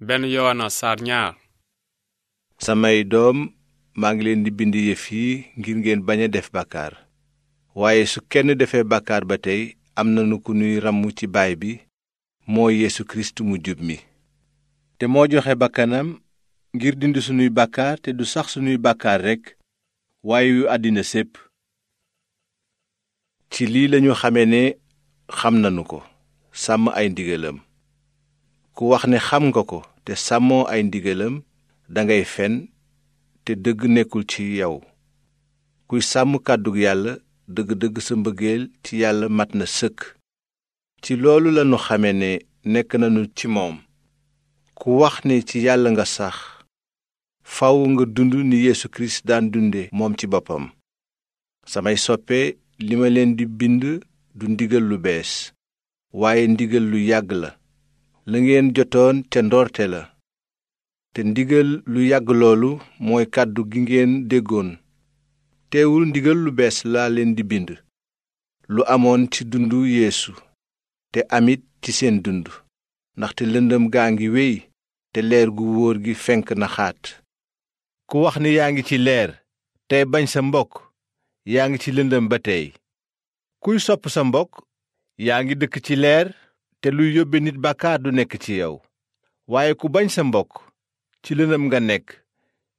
benn yowaana saar samay doom maa ngi leen di bind yëf yi ngir ngeen bañ a def bàkkaar waaye su kenn defee bàkkaar ba tey am na nu ku nuy ràmm ci baay bi moo yeesu kirist mu jub mi te moo joxe bakkanam ngir dind sunuy bàkkaar te du sax sunuy bàkkaar rekk waaye yu àddina sépp ci lii lañu xame ne xam nanu ko sàmm ay ndigalam ku wax ne xam nga ko te sàmmoo ay ndigalam dangay fen te dëgg nekkul ci yow kuy sàmm kàddug yàlla dëgg-dëgg sa mbëggeel ci yàlla mat na sëkk ci loolu lanu xame ne nekk nañu ci moom ku wax ne ci yàlla nga sax faw nga dund ni Yeesu Kirist daan dunde moom ci boppam samay soppe li ma leen di bind du ndigal lu bees waaye ndigal lu yàgg la la ngeen jotoon ca ndoorte la te ndigal lu yàgg loolu mooy kàddu gi ngeen déggoon teewul ndigal lu bees laa leen di bind lu amoon ci dund yéesu te amit ci seen dund ndaxte lëndëm gaa ngi wéy te leer gu wóor gi fenk na xaat ku wax ni yaa ngi ci leer tey bañ sa mbokk yaa ngi ci lëndëm ba tey kuy sopp sa mbokk yaa ngi dëkk ci leer te luy yóbbe nit bàkkaar du nekk ci yow waaye ku bañ sa mbokk ci lëndëm nga nekk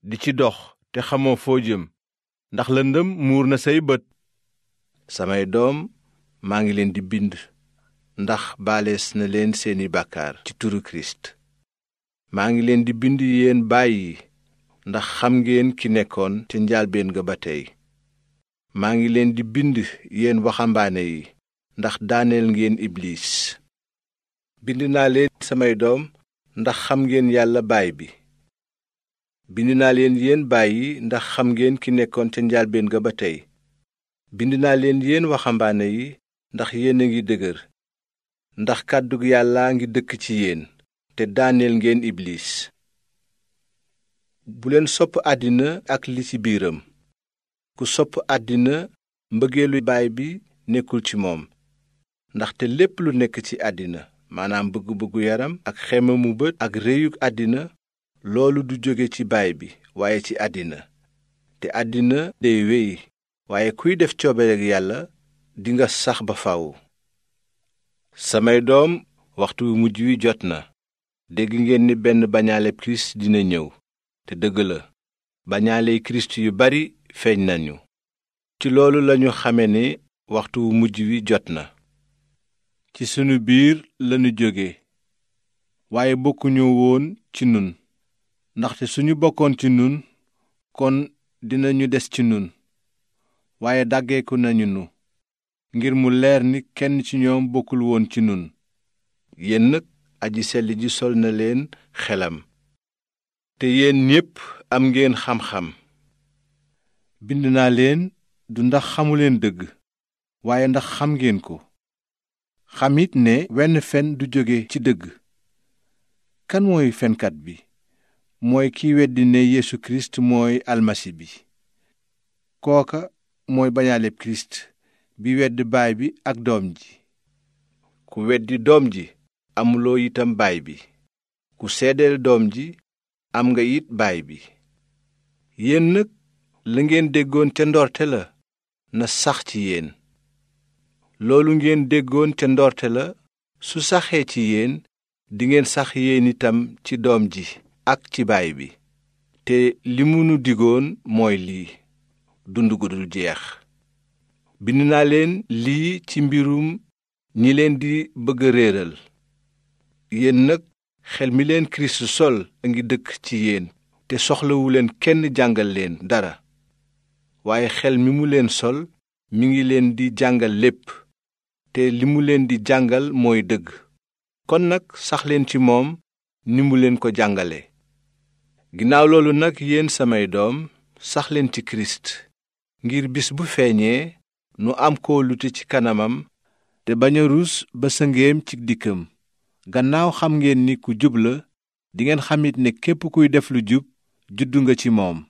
di ci dox te xamoo foo jëm ndax lëndëm muur na say bët samay doom maa ngi leen di bind ndax baalees na leen seeni bàkkaar ci turu kirist maa ngi leen di bind yéen baay ndax xam ngeen ki nekkoon te njaalbeen nga ba tey maa ngi leen di bind yéen waxambaane yi ndax daaneel ngeen ibliis bind naa leen samay doom ndax xam ngeen yàlla baay bi bind naa leen yéen baay ndax xam ngeen ki nekkoon ca njalbéen ga ba tey bind naa leen yéen waxambaane yi ndax yéen a ngi dëgër ndax kàddug yàllaa ngi dëkk ci yéen te daaneel ngeen iblis buleen sopp àddina ak li ci biiram ku sopp àddina mbëggeelu baay bi nekkul ci moom ndaxte lépp lu nekk ci àddina maanaam bëgg-bëggu yaram ak mu bët ak réyug àddina loolu du jóge ci baay bi waaye ci àddina te àddina day wéy waaye kuy def coobereeg yàlla dinga sax ba faw samay doom waxtu wu mujj wi jot na dégg ngeen ni benn bañaale kirist dina ñëw te dëgg la bañaaley kirist yu bari feeñ nañu ci loolu lañu xame ni waxtu wu mujj wi jot na ci sunu biir lanu jóge waaye bokkuñu woon ci nun ndaxte suñu bokkoon ci nun kon dinañu des ci nun waaye dàggeeku nañu nu ngir mu leer ni kenn ci ñoom bokkul woon ci nun yéen nag aji selli sol na leen xelam te yéen yépp am ngeen xam-xam bind naa leen du ndax xamu leen dëgg waaye ndax xam ngeen ko xamit ne wenn fen du jóge ci dëgg kan mooy fenkat bi mooy ki weddi ne Yeesu Kirist mooy almasi bi kooka mooy bañaaleb Kirist bi wedd baay bi ak doom ji ku weddi doom ji amuloo itam baay bi ku seedeel doom ji am nga it baay bi yéen nag la ngeen déggoon ca ndoorte la na sax ci yéen loolu ngeen déggoon ca ndoorte la su saxee ci yéen dingeen sax yéen itam ci doom ji ak ci baay bi te li mu nu digoon mooy lii dund gu dul jeex bind naa leen lii ci mbirum ñi leen di bëgg a réeral yéen nag xel mi leen kirist sol a ngi dëkk ci yéen te soxlawuleen kenn jàngal leen dara waaye xel mi mu leen sol mu ngi leen di jàngal lépp te li mu leen di jàngal mooy dëgg kon nag saxleen ci moom ni mu leen ko jàngale ginnaaw loolu nag yéen samay doom saxleen ci kirist ngir bis bu feeñee nu am koo lute ci kanamam te bañ a rus ba sëngeem ci dikkam gannaaw xam ngeen ni ku jub la dingeen xamit ne képp kuy def lu jub juddu nga ci moom